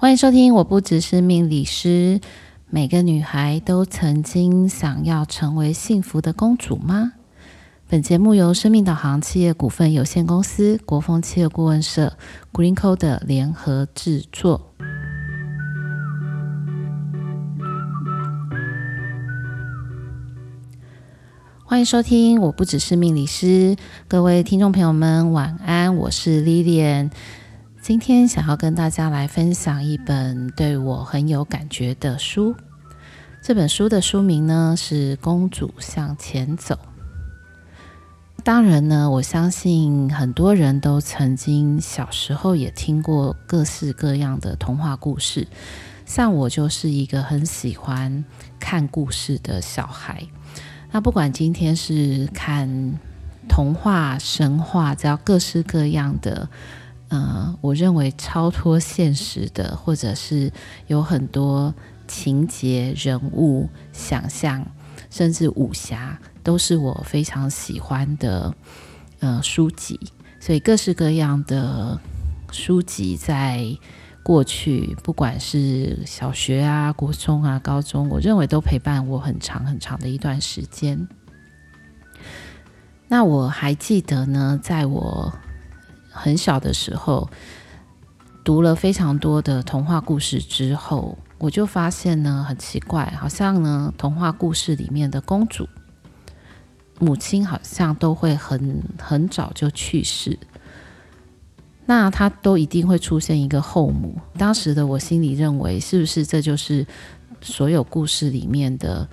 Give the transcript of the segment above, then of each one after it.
歡迎收聽《我不只是命理師》。每個女孩都曾經想要成為幸福的公主嗎？本節目由生命導航企業股份有限公司、國峰企業顧問社、GreenCoder 聯合制作。歡迎收聽《我不只是命理師》，各位聽眾朋友們，晚安，我是 Lilian。今天想要跟大家來分享一本對我很有感覺的書。這本書的書名呢，是《公主向前走》。當然呢，我相信很多人都曾經小時候也聽過各式各樣的童話故事。像我就是一個很喜歡看故事的小孩。那不管今天是看童話、神話，只要各式各樣的。嗯、呃，我認為超脫現實的，或者是有很多情節、人物、想象，甚至武俠，都是我非常喜歡的、呃、書籍。所以各式各樣的書籍，在過去，不管是小學啊、國中啊、高中，我認為都陪伴我很長很長的一段時間。那我還記得呢，在我，很小的時候，讀了非常多的童話故事之後，我就發現呢，很奇怪，好像呢，童話故事裡面的公主，母親好像都會很很早就去世，那她都一定會出現一個後母。當時的我心裡認為，是不是這就是所有故事裡面的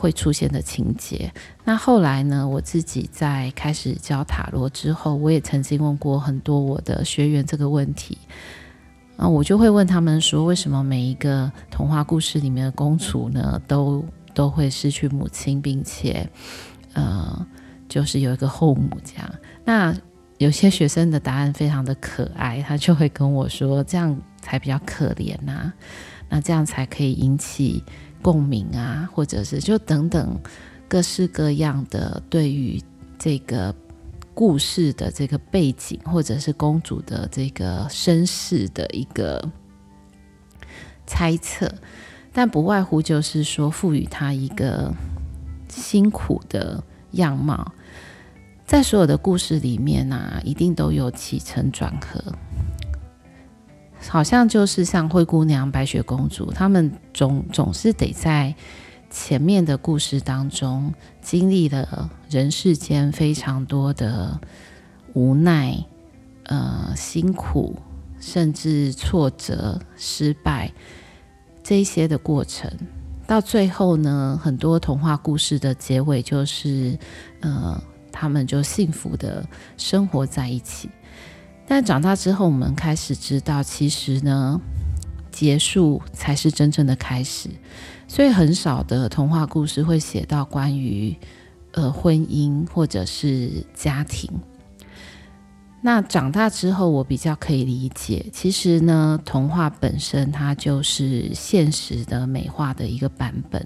會出現的情節。那後來呢，我自己在開始教塔羅之後，我也曾經問過很多我的學員這個問題啊，我就會問他們說，為什麼每一個童話故事裡面的公主呢，都都會失去母親，並且，呃，就是有一個後母這樣。那有些學生的答案非常的可愛，他就會跟我說，這樣才比較可憐吶、啊，那這樣才可以引起。共鳴啊，或者是就等等，各式各樣的對於這個故事的這個背景，或者是公主的這個身世的一個猜測，但不外乎就是說，賦予她一個辛苦的樣貌。在所有的故事裡面呢、啊，一定都有起承轉合。好像就是像灰姑娘、白雪公主，她們總總是得在前面的故事當中經歷了人世間非常多的無奈、呃辛苦，甚至挫折、失敗這些的過程。到最後呢，很多童話故事的結尾就是，呃，她們就幸福的生活在一起。但長大之後，我們開始知道，其實呢，結束才是真正的開始。所以，很少的童話故事會寫到關於呃婚姻，或者是家庭。那長大之後，我比較可以理解，其實呢，童話本身它就是現實的美化的一個版本。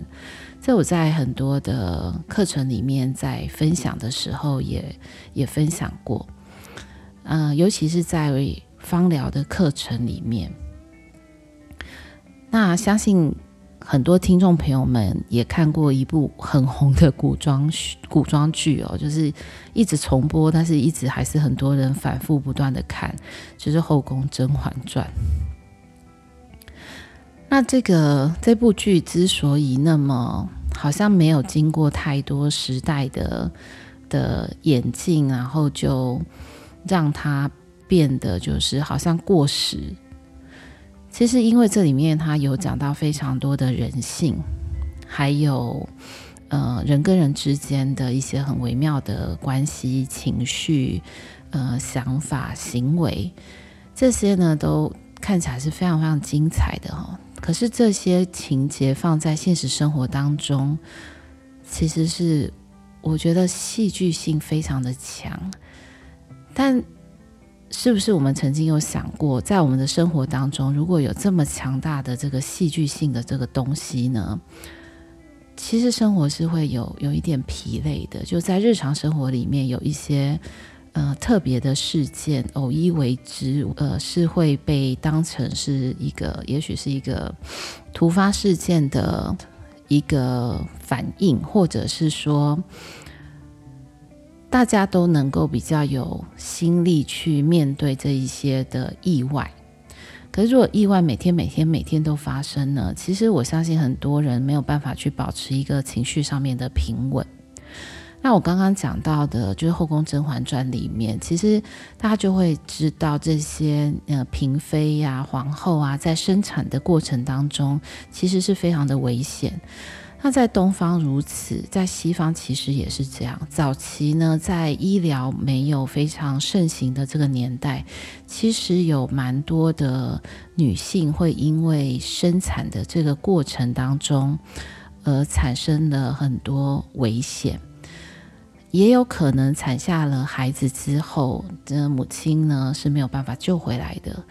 在我在很多的課程裡面在分享的時候也，也也分享過。嗯、呃，尤其是在芳療的課程裡面，那相信很多聽眾朋友們也看過一部很紅的古裝古裝劇哦，就是一直重播，但是一直還是很多人反覆不斷的看，就是《後宮甄嬛傳》。那這個這部劇之所以那麼好像沒有經過太多時代的的演進，然後就。讓它變得就是好像過時。其實，因為這裡面它有講到非常多的人性，還有呃人跟人之間的一些很微妙的關係、情緒、呃想法、行為，這些呢都看起來是非常非常精彩的哈、哦。可是這些情節放在現實生活當中，其實是我覺得戲劇性非常的強。但是不是我們曾經有想過，在我們的生活當中，如果有這麼強大的這個戲劇性的這個東西呢？其實生活是會有有一點疲累的，就在日常生活裡面有一些呃特別的事件，偶一為之，呃，是會被當成是一個，也許是一個突發事件的一個反應，或者是說。大家都能夠比較有心力去面對這一些的意外，可是如果意外每天每天每天都發生呢？其實我相信很多人沒有辦法去保持一個情緒上面的平穩。那我剛剛講到的，就是《後宮甄嬛傳》裡面，其實大家就會知道這些呃嬪妃呀、啊、皇後啊，在生產的過程當中，其實是非常的危險。那在東方如此，在西方其實也是這樣。早期呢，在醫療沒有非常盛行的這個年代，其實有蠻多的女性會因為生產的這個過程當中，而產生了很多危險，也有可能產下了孩子之後，的母親呢是沒有辦法救回來的。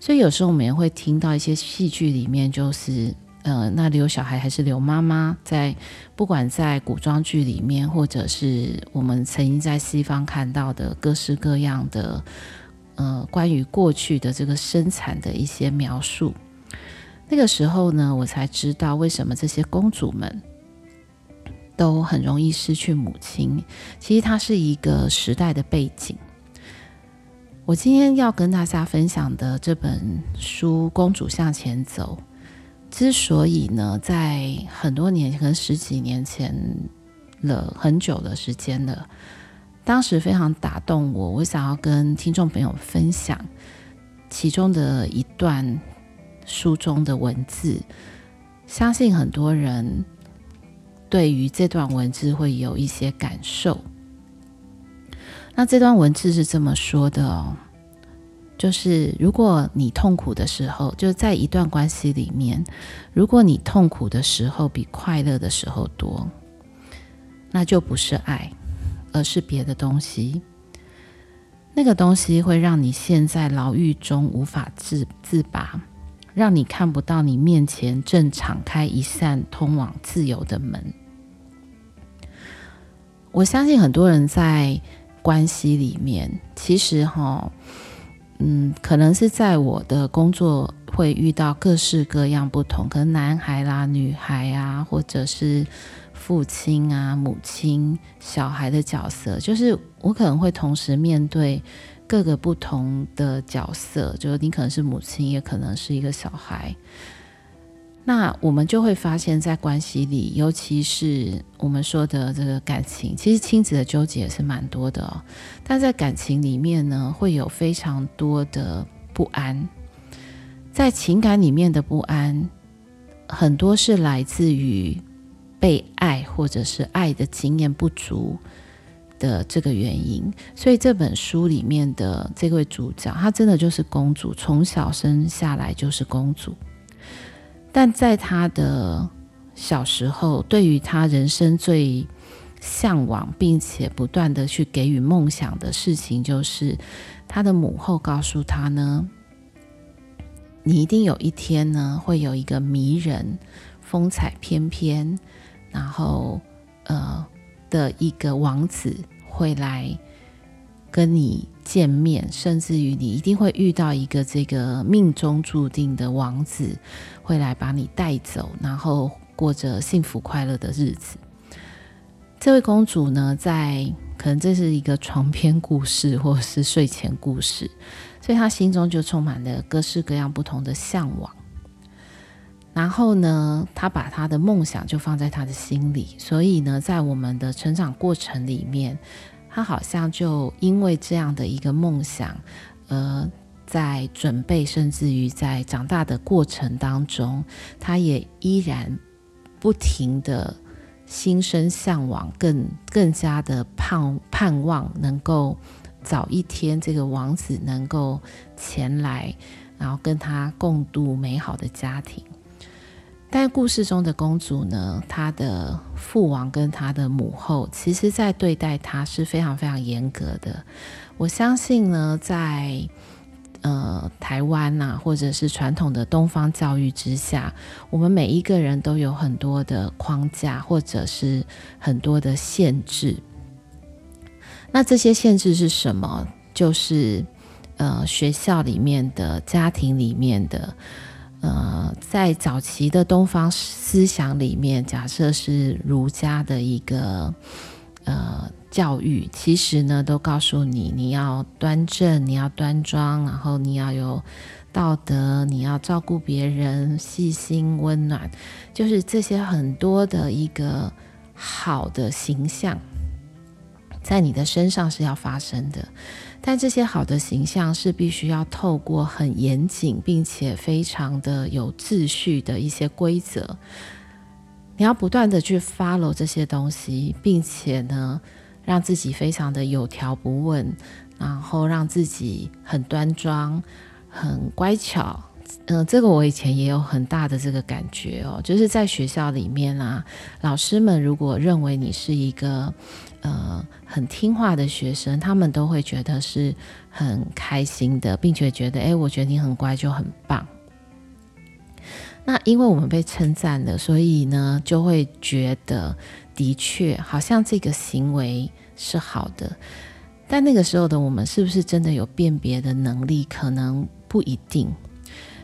所以有時候我們也會聽到一些戲劇裡面，就是。呃，那留小孩，還是留媽媽在？不管在古裝劇裡面，或者是我們曾經在西方看到的各式各樣的，呃，關於過去的這個生產的一些描述。那個時候呢，我才知道為什麼這些公主們都很容易失去母親。其實，它是一個時代的背景。我今天要跟大家分享的這本書《公主向前走》。之所以呢，在很多年前，可能十幾年前了，很久的時間了。當時非常打動我，我想要跟聽眾朋友分享其中的一段書中的文字。相信很多人對於這段文字會有一些感受。那這段文字是這麼說的哦。就是，如果你痛苦的時候，就在一段關係裡面，如果你痛苦的時候比快樂的時候多，那就不是愛，而是別的東西。那個東西會讓你陷在牢獄中無法自自拔，讓你看不到你面前正敞開一扇通往自由的門。我相信很多人在關係裡面，其實哈、哦。嗯，可能是在我的工作會遇到各式各樣不同，可能男孩啦、女孩啊，或者是父親啊、母親、小孩的角色，就是我可能會同時面對各個不同的角色，就是你可能是母親，也可能是一個小孩。那我們就會發現，在關係裡，尤其是我們說的這個感情，其實親子的糾結是蠻多的哦。但在感情裡面呢，會有非常多的不安，在情感裡面的不安，很多是來自於被愛或者是愛的經驗不足的這個原因。所以這本書裡面的這位主角，她真的就是公主，從小生下來就是公主。但在他的小時候，對於他人生最嚮往，並且不斷的去給予夢想的事情，就是他的母後告訴他呢：“你一定有一天呢，會有一個迷人、風采翩翩，然後呃的一個王子會來。”跟你見面，甚至於你一定會遇到一個這個命中注定的王子，會來把你帶走，然後過着幸福快樂的日子。這位公主呢，在可能這是一個床邊故事或是睡前故事，所以她心中就充滿了各式各樣不同的嚮往。然後呢，她把她的夢想就放在她的心裡。所以呢，在我們的成長過程裡面。他好像就因為這樣的一個夢想，呃，在準備，甚至於在長大的過程當中，他也依然不停的心生向往，更更加的盼盼望能夠早一天這個王子能夠前來，然後跟他共度美好的家庭。但故事中的公主呢，她的父王跟她的母後，其實在對待她是非常非常嚴格的。我相信呢，在呃台灣吶、啊，或者是傳統的東方教育之下，我們每一個人都有很多的框架，或者是很多的限制。那這些限制是什麼？就是呃學校裡面的、家庭裡面的。呃，在早期的東方思想裡面，假設是儒家的一個呃教育，其實呢都告訴你，你要端正，你要端莊，然後你要有道德，你要照顧別人，細心溫暖，就是這些很多的一個好的形象。在你的身上是要發生的，但這些好的形象是必須要透過很嚴謹，並且非常的有秩序的一些規則。你要不斷的去 follow 這些東西，並且呢，讓自己非常的有條不紊，然後讓自己很端莊、很乖巧。嗯、呃，這個我以前也有很大的這個感覺哦，就是在學校裡面啦、啊，老師們如果認為你是一個，呃，很聽話的學生，他們都會覺得是很開心的，並且覺得，哎，我覺得你很乖，就很棒。那因為我們被稱讚了，所以呢，就會覺得的確好像這個行為是好的。但那個時候的我們，是不是真的有辨別的能力？可能不一定。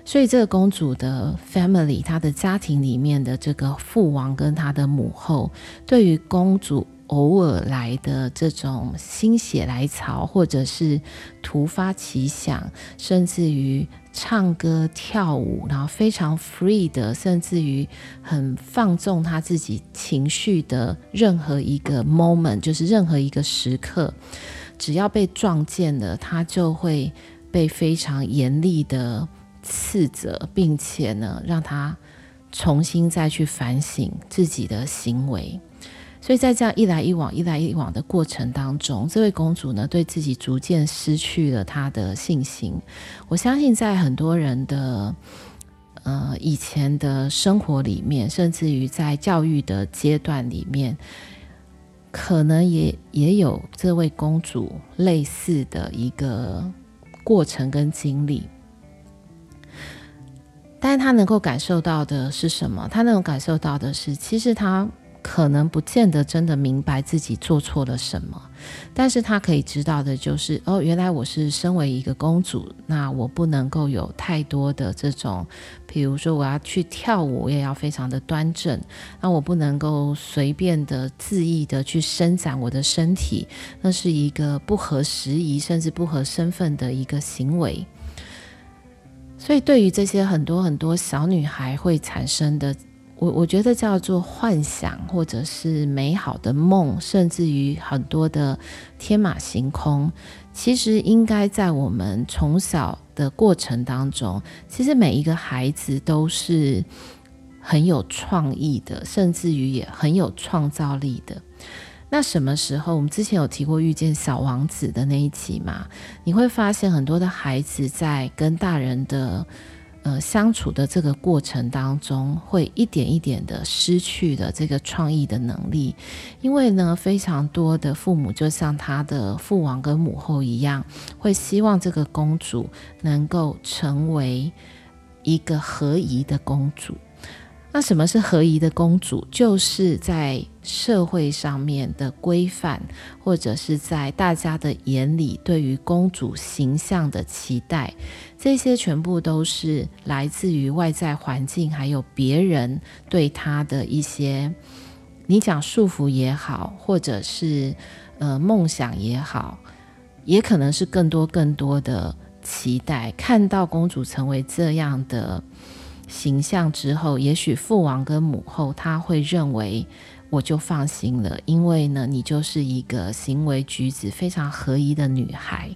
所以，這個公主的 family，她的家庭裡面的這個父王跟她的母後，對於公主偶爾來的這種心血來潮，或者是突發奇想，甚至於唱歌跳舞，然後非常 free 的，甚至於很放縱他自己情緒的任何一個 moment，就是任何一個時刻，只要被撞見了，他就會被非常嚴厲的斥責，並且呢，讓他重新再去反省自己的行為。所以在這樣一來一往、一來一往的過程當中，這位公主呢，對自己逐漸失去了她的信心。我相信，在很多人的呃以前的生活裡面，甚至於在教育的階段裡面，可能也也有這位公主類似的一個過程跟經歷。但是她能夠感受到的是什麼？她能夠感受到的是，其實她。可能不見得真的明白自己做錯了什麼，但是他可以知道的就是，哦，原來我是身為一個公主，那我不能夠有太多的這種，比如說我要去跳舞，我也要非常的端正，那我不能夠隨便的恣意的去伸展我的身體，那是一個不合時宜甚至不合身份的一個行為。所以對於這些很多很多小女孩會產生的。我我覺得叫做幻想，或者是美好的夢，甚至於很多的天馬行空，其實應該在我們從小的過程當中，其實每一個孩子都是很有創意的，甚至於也很有創造力的。那什麼時候？我們之前有提過遇見小王子的那一期嘛？你會發現很多的孩子在跟大人的。呃，相處的這個過程當中，會一點一點的失去了這個創意的能力，因為呢，非常多的父母就像他的父王跟母後一樣，會希望這個公主能夠成為一個合宜的公主。那什麼是合宜的公主？就是在社會上面的規範，或者是在大家的眼裡對於公主形象的期待，這些全部都是來自於外在環境，還有別人對她的一些，你講束縛也好，或者是呃夢想也好，也可能是更多更多的期待，看到公主成為這樣的。形象之後，也許父王跟母後他會認為我就放心了，因為呢，你就是一個行為舉止非常合宜的女孩。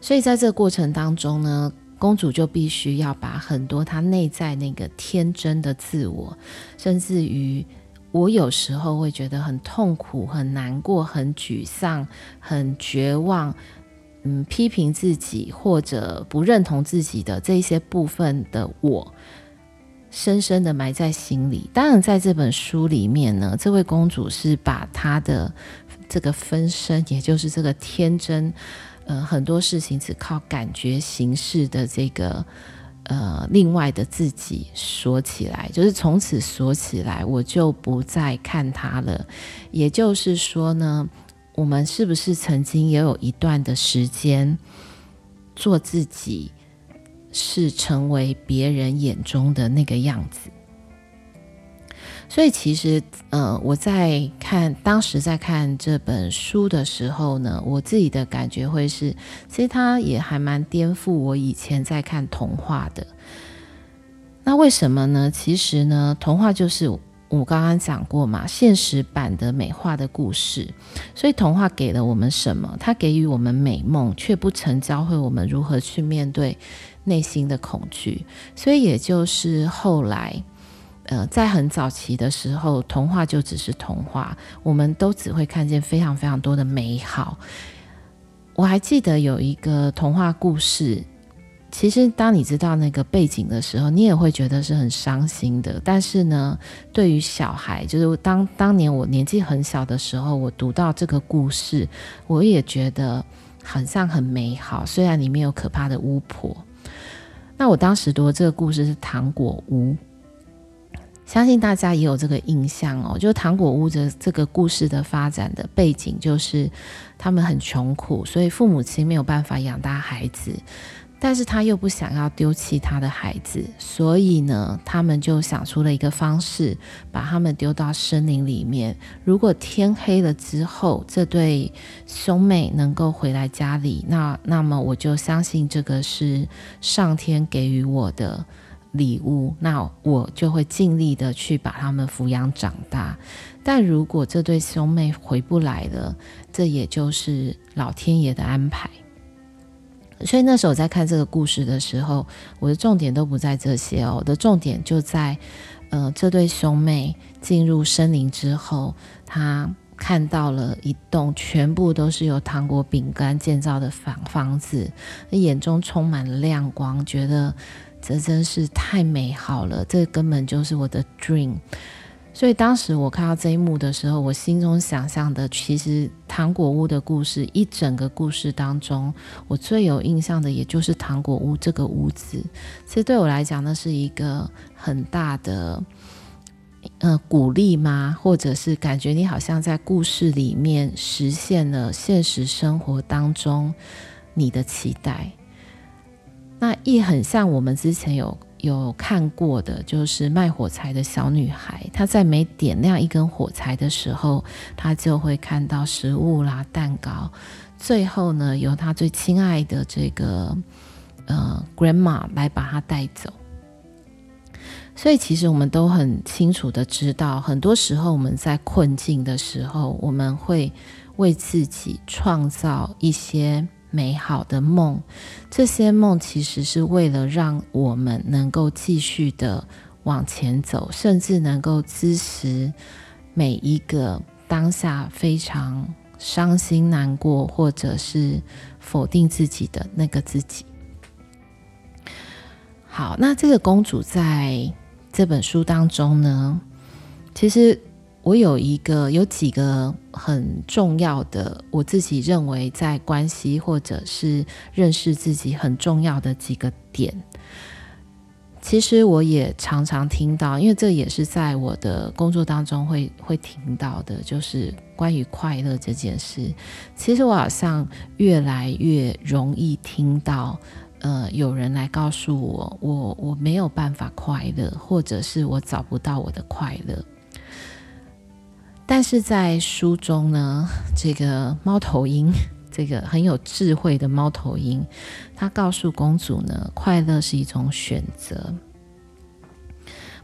所以在這個過程當中呢，公主就必須要把很多她內在那個天真的自我，甚至於我有時候會覺得很痛苦、很難過、很沮喪、很絕望。嗯，批評自己或者不認同自己的這些部分的我，深深的埋在心裡。當然，在這本書裡面呢，這位公主是把她的這個分身，也就是這個天真，呃，很多事情只靠感覺行事的這個呃，另外的自己鎖起來，就是從此鎖起來，我就不再看她了。也就是說呢。我們是不是曾經也有一段的時間做自己，是成為別人眼中的那個樣子？所以其實，呃，我在看當時在看這本書的時候呢，我自己的感覺會是，其實他也還蠻顛覆我以前在看童話的。那為什麼呢？其實呢，童話就是。我剛剛講過嘛，現實版的美化的故事，所以童話給了我們什麼？它給予我們美夢，卻不曾教會我們如何去面對內心的恐懼。所以也就是後來，呃，在很早期的時候，童話就只是童話，我們都只會看見非常非常多的美好。我還記得有一個童話故事。其實，當你知道那個背景的時候，你也會覺得是很傷心的。但是呢，對於小孩，就是當當年我年紀很小的時候，我讀到這個故事，我也覺得很像很美好。雖然裡面有可怕的巫婆，那我當時讀的這個故事是《糖果屋》，相信大家也有這個印象哦。就《糖果屋》的這個故事的發展的背景，就是他們很窮苦，所以父母親沒有辦法養大孩子。但是他又不想要丟棄他的孩子，所以呢，他們就想出了一個方式，把他們丟到森林裡面。如果天黑了之後，這對兄妹能夠回來家裡，那那麼我就相信這個是上天給予我的禮物，那我就會盡力的去把他們撫養長大。但如果這對兄妹回不來了，這也就是老天爺的安排。所以那時候我在看這個故事的時候，我的重點都不在這些哦，我的重點就在，呃，這對兄妹進入森林之後，他看到了一棟全部都是由糖果餅乾建造的房房子，那眼中充滿了亮光，覺得這真是太美好了，這根本就是我的 dream。所以當時我看到這一幕的時候，我心中想象的其實《糖果屋》的故事一整個故事當中，我最有印象的也就是《糖果屋》這個屋子。其實對我來講，那是一個很大的，呃，鼓勵嗎？或者是感覺你好像在故事裡面實現了現實生活當中你的期待。那也很像我們之前有。有看過的，就是賣火柴的小女孩。她在每點亮一根火柴的時候，她就會看到食物啦、蛋糕。最後呢，由她最親愛的這個呃 Grandma 來把她帶走。所以，其實我們都很清楚的知道，很多時候我們在困境的時候，我們會為自己創造一些。美好的夢，這些夢其實是為了讓我們能夠繼續的往前走，甚至能夠支持每一個當下非常傷心、難過或者是否定自己的那個自己。好，那這個公主在這本書當中呢，其實。我有一個有幾個很重要的，我自己認為在關係或者是認識自己很重要的幾個點。其實我也常常聽到，因為這也是在我的工作當中會會聽到的，就是關於快樂這件事。其實我好像越來越容易聽到，呃，有人來告訴我，我我沒有辦法快樂，或者是我找不到我的快樂。但是在書中呢，這個貓頭鷹，這個很有智慧的貓頭鷹，它告訴公主呢，快樂是一種選擇。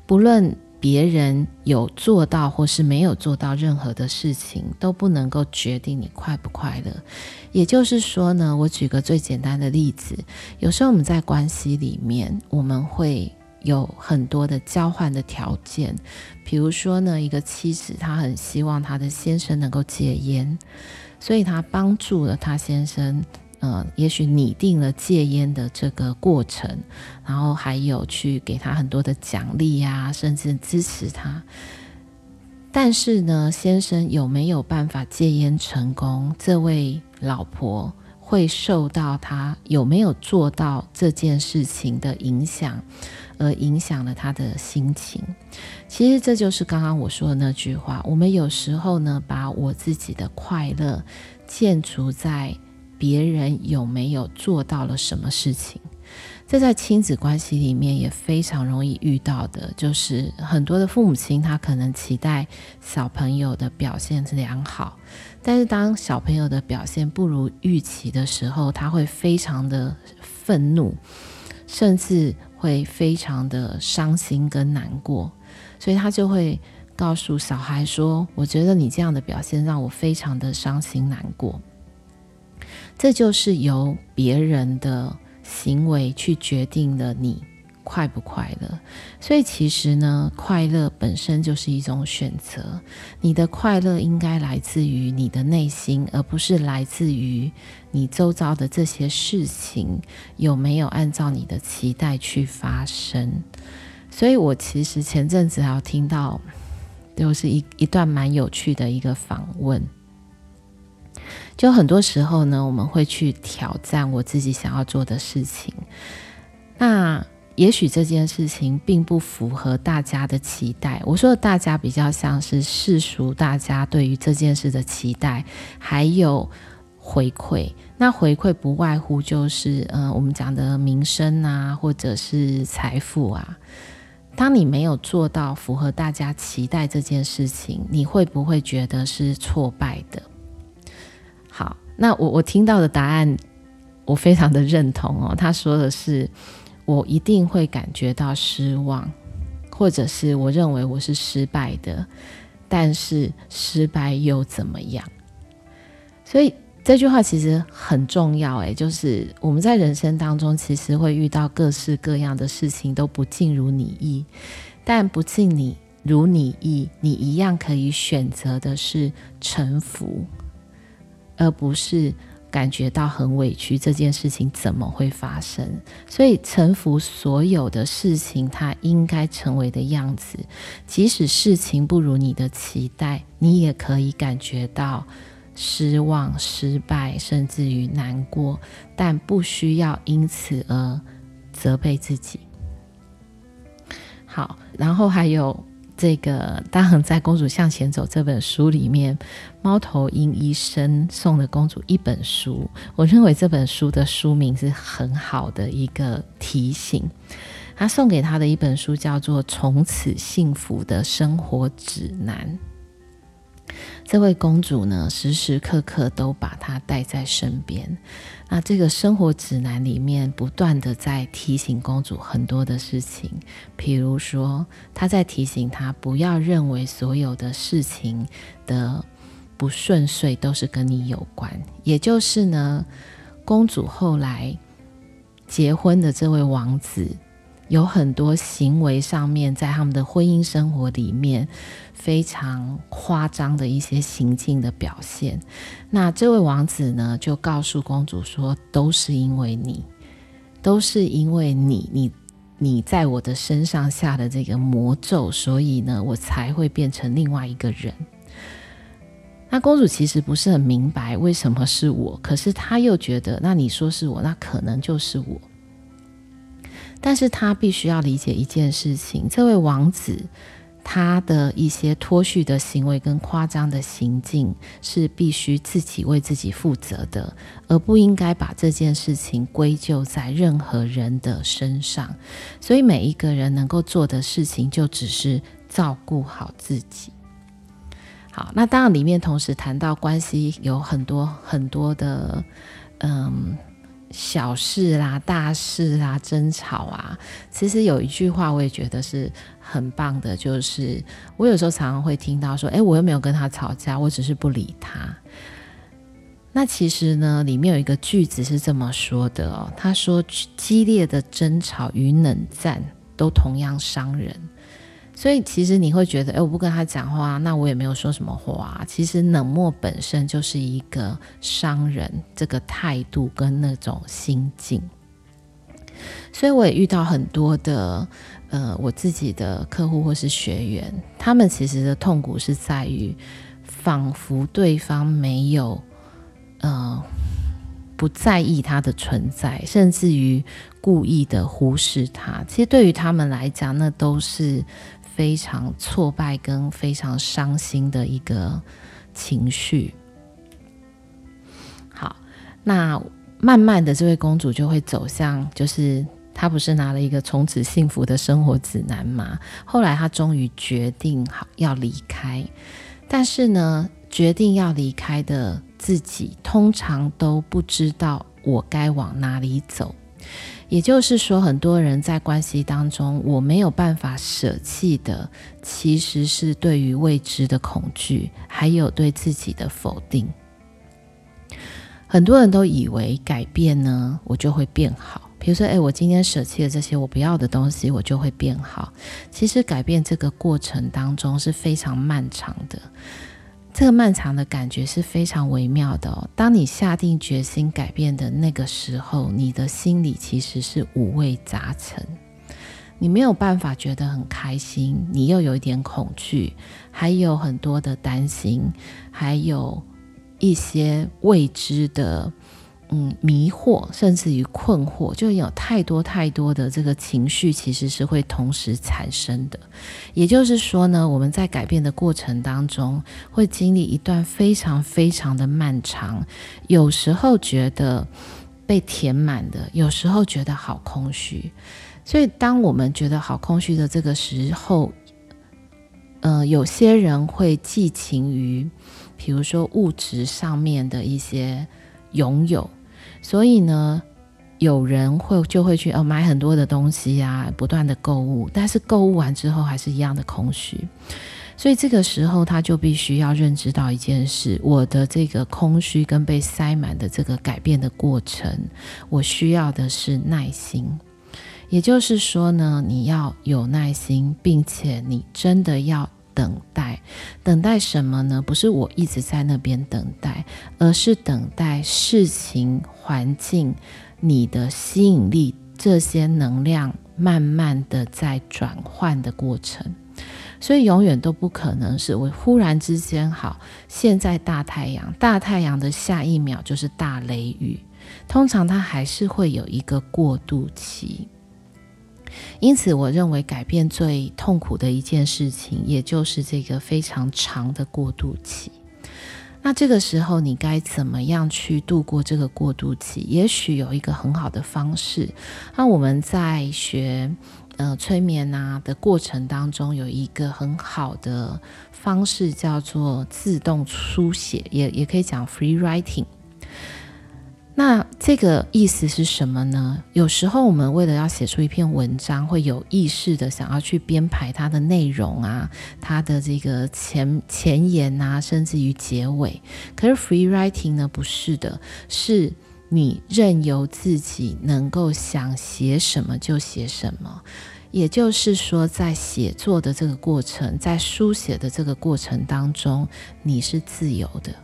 不論別人有做到或是沒有做到任何的事情，都不能夠決定你快不快樂。也就是說呢，我舉個最簡單的例子，有時候我們在關係裡面，我們會。有很多的交換的條件，比如說呢，一個妻子她很希望她的先生能夠戒菸，所以她幫助了他先生，嗯、呃，也許擬定了戒菸的這個過程，然後還有去給他很多的獎勵呀，甚至支持他。但是呢，先生有沒有辦法戒菸成功？這位老婆。會受到他有沒有做到這件事情的影響，而影響了他的心情。其實這就是剛剛我說的那句話，我們有時候呢，把我自己的快樂建築在別人有沒有做到了什麼事情。這在親子關係裡面也非常容易遇到的，就是很多的父母親他可能期待小朋友的表現良好。但是當小朋友的表現不如預期的時候，他會非常的憤怒，甚至會非常的傷心跟難過，所以他就會告訴小孩說：“我覺得你這樣的表現讓我非常的傷心難過。”這就是由別人的行為去決定了你。快不快樂？所以其實呢，快樂本身就是一種選擇。你的快樂應該來自於你的內心，而不是來自於你周遭的這些事情有沒有按照你的期待去發生。所以我其實前陣子還有聽到，就是一一段蠻有趣的一個訪問。就很多時候呢，我們會去挑戰我自己想要做的事情。那也許這件事情並不符合大家的期待。我說的大家比較像是世俗大家對於這件事的期待，還有回饋。那回饋不外乎就是，嗯、呃，我們講的名聲啊，或者是財富啊。當你沒有做到符合大家期待這件事情，你會不會覺得是挫敗的？好，那我我聽到的答案，我非常的認同哦、喔。他說的是。我一定會感覺到失望，或者是我認為我是失敗的。但是失敗又怎麼樣？所以這句話其實很重要、欸。誒，就是我們在人生當中，其實會遇到各式各樣的事情，都不盡如你意。但不盡你如你意，你一樣可以選擇的是臣服，而不是。感覺到很委屈，這件事情怎麼會發生？所以臣服所有的事情，它應該成為的樣子。即使事情不如你的期待，你也可以感覺到失望、失敗，甚至於難過，但不需要因此而責備自己。好，然後還有。這個當然在《公主向前走》這本書裡面，貓頭鷹醫生送了公主一本書。我認為這本書的書名是很好的一個提醒。他送給她的一本書叫做《從此幸福的生活指南》。這位公主呢，時時刻刻都把它帶在身邊。那這個生活指南裡面，不斷的在提醒公主很多的事情，比如說他在提醒她不要認為所有的事情的不順遂都是跟你有關，也就是呢，公主後來結婚的這位王子。有很多行為上面，在他們的婚姻生活裡面，非常誇張的一些行徑的表現。那這位王子呢，就告訴公主說：“都是因為你，都是因為你，你你在我的身上下的這個魔咒，所以呢，我才會變成另外一個人。”那公主其實不是很明白為什麼是我，可是她又覺得，那你說是我，那可能就是我。但是他必須要理解一件事情，這位王子，他的一些脫序的行為跟誇張的行徑，是必須自己為自己負責的，而不應該把這件事情歸咎在任何人的身上。所以，每一個人能夠做的事情，就只是照顧好自己。好，那當然，裡面同時談到關係，有很多很多的，嗯。小事啦、啊，大事啦、啊，爭吵啊，其實有一句話我也覺得是很棒的，就是我有時候常常會聽到說，哎，我又沒有跟他吵架，我只是不理他。那其實呢，裡面有一個句子是這麼說的哦，他說：激烈的爭吵與冷戰都同樣傷人。所以其實你會覺得，哎，我不跟他講話，那我也沒有說什麼話。其實冷漠本身就是一個傷人這個態度跟那種心境。所以我也遇到很多的，呃，我自己的客戶或是學員，他們其實的痛苦是在於，仿佛對方沒有，呃，不在意他的存在，甚至於故意的忽視他。其實對於他們來講，那都是。非常挫敗跟非常傷心的一個情緒。好，那慢慢的，這位公主就會走向，就是她不是拿了一個《從此幸福的生活指南》嗎？後來她終於決定好要離開，但是呢，決定要離開的自己，通常都不知道我該往哪裡走。也就是說，很多人在關係當中，我沒有辦法捨棄的，其實是對於未知的恐懼，還有對自己的否定。很多人都以為改變呢，我就會變好。比如說，誒、欸，我今天捨棄了這些我不要的東西，我就會變好。其實，改變這個過程當中是非常漫長的。這個漫長的感覺是非常微妙的哦，當你下定決心改變的那個時候，你的心裡其實是五味雜陳，你沒有辦法覺得很開心，你又有一點恐懼，還有很多的擔心，還有一些未知的。嗯，迷惑，甚至於困惑，就有太多太多的這個情緒，其實是會同時產生的。也就是說呢，我們在改變的過程當中，會經歷一段非常非常的漫長。有時候覺得被填滿的，有時候覺得好空虛。所以，當我們覺得好空虛的這個時候，呃，有些人會寄情於，比如說物質上面的一些擁有。所以呢，有人會就會去呃、哦、買很多的東西呀、啊，不斷的購物，但是購物完之後還是一樣的空虛，所以這個時候他就必須要認知到一件事：我的這個空虛跟被塞滿的這個改變的過程，我需要的是耐心。也就是說呢，你要有耐心，並且你真的要。等待，等待什麼呢？不是我一直在那邊等待，而是等待事情、環境、你的吸引力這些能量慢慢的在轉換的過程。所以永遠都不可能是我忽然之間好，現在大太陽，大太陽的下一秒就是大雷雨，通常它還是會有一個過渡期。因此，我認為改變最痛苦的一件事情，也就是這個非常長的過渡期。那這個時候，你該怎麼樣去度過這個過渡期？也許有一個很好的方式。那我們在學呃催眠吶的過程當中，有一個很好的方式叫做自動書寫，也也可以講 free writing。那這個意思是什麼呢？有時候我們為了要寫出一篇文章，會有意識的想要去編排它的內容啊，它的這個前前言啊，甚至於結尾。可是 free writing 呢？不是的，是你任由自己能夠想寫什麼就寫什麼。也就是說，在寫作的這個過程，在書寫的這個過程當中，你是自由的。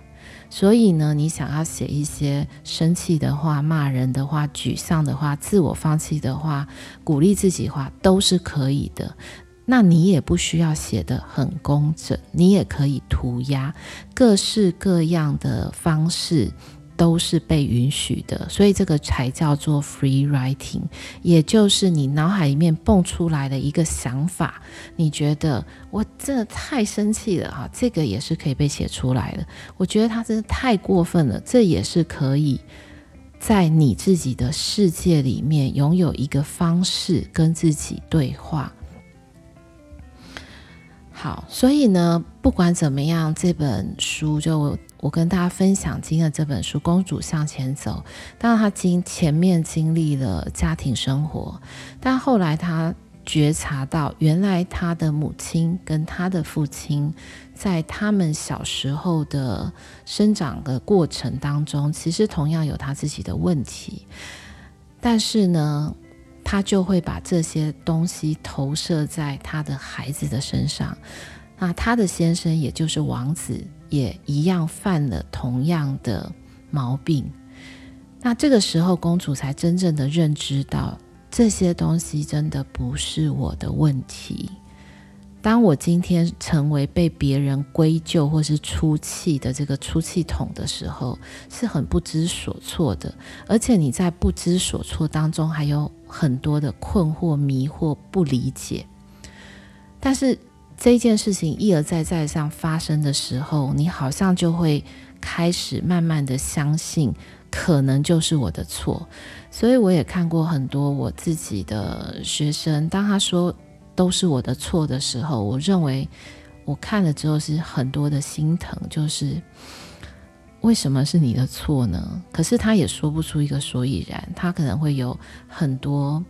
所以呢，你想要寫一些生氣的話、罵人的話、沮喪的話、自我放棄的話、鼓勵自己的話，都是可以的。那你也不需要寫得很工整，你也可以塗鴉，各式各樣的方式。都是被允許的，所以這個才叫做 free writing，也就是你腦海裡面蹦出來的一個想法。你覺得我真的太生氣了啊，這個也是可以被寫出來的。我覺得他真的太過分了，這也是可以在你自己的世界裡面擁有一個方式跟自己對話。好，所以呢，不管怎麼樣，這本書就。我跟大家分享今天的這本書《公主向前走》，當她經前面經歷了家庭生活，但後來她覺察到，原來她的母親跟她的父親，在他們小時候的生長的過程當中，其實同樣有他自己的問題，但是呢，他就會把這些東西投射在他的孩子的身上。那她的先生，也就是王子。也一樣犯了同樣的毛病，那這個時候公主才真正的認知到這些東西真的不是我的問題。當我今天成為被別人歸咎或是出氣的這個出氣筒的時候，是很不知所措的，而且你在不知所措當中還有很多的困惑、迷惑、不理解，但是。這件事情一而再再而三發生的時候，你好像就會開始慢慢的相信，可能就是我的錯。所以我也看過很多我自己的學生，當他說都是我的錯的時候，我認為我看了之後是很多的心疼，就是為什麼是你的錯呢？可是他也說不出一個所以然，他可能會有很多。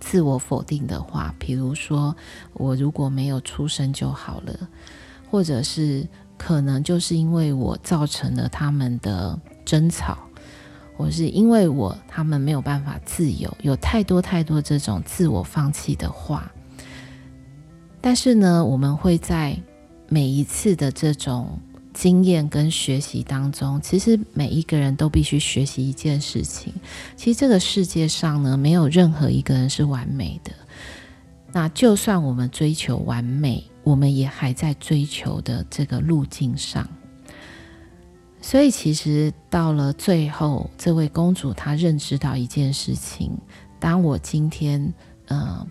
自我否定的話，比如說我如果沒有出生就好了，或者是可能就是因為我造成了他們的爭吵，或是因為我他們沒有辦法自由，有太多太多這種自我放棄的話。但是呢，我們會在每一次的這種。經驗跟學習當中，其實每一個人都必須學習一件事情。其實這個世界上呢，沒有任何一個人是完美的。那就算我們追求完美，我們也還在追求的這個路徑上。所以，其實到了最後，這位公主她認知到一件事情，當我今天，嗯、呃，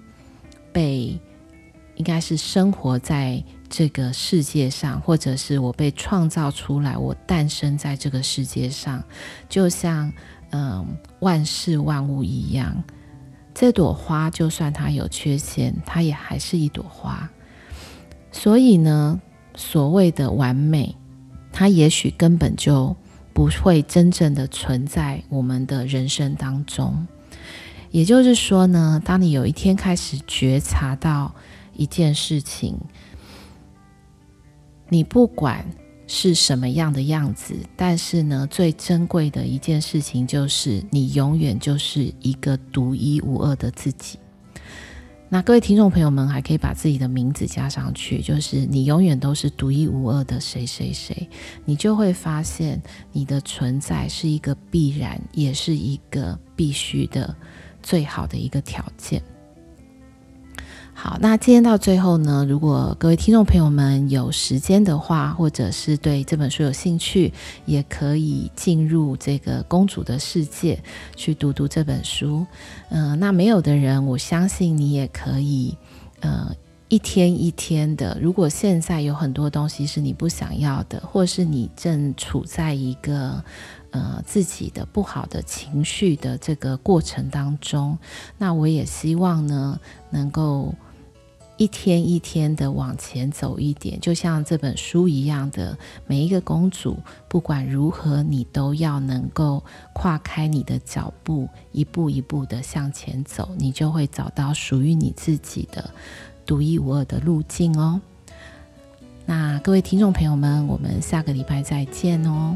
被，應該是生活在。這個世界上，或者是我被創造出來，我誕生在這個世界上，就像嗯、呃、萬事萬物一樣。這朵花，就算它有缺陷，它也還是一朵花。所以呢，所謂的完美，它也許根本就不會真正的存在我們的人生當中。也就是說呢，當你有一天開始覺察到一件事情，你不管是什麼樣的樣子，但是呢，最珍貴的一件事情就是，你永遠就是一個獨一無二的自己。那各位聽眾朋友們，還可以把自己的名字加上去，就是你永遠都是獨一無二的誰誰誰，你就會發現你的存在是一個必然，也是一個必須的最好的一個條件。好，那今天到最後呢，如果各位聽眾朋友們有時間的話，或者是對這本書有興趣，也可以進入這個公主的世界去讀讀這本書。嗯、呃，那沒有的人，我相信你也可以，呃，一天一天的。如果現在有很多東西是你不想要的，或是你正處在一個呃自己的不好的情緒的這個過程當中，那我也希望呢，能夠。一天一天的往前走一點，就像這本書一樣的每一個公主，不管如何，你都要能夠跨開你的腳步，一步一步的向前走，你就會找到屬於你自己的獨一無二的路徑哦。那各位聽眾朋友們，我們下個禮拜再見哦。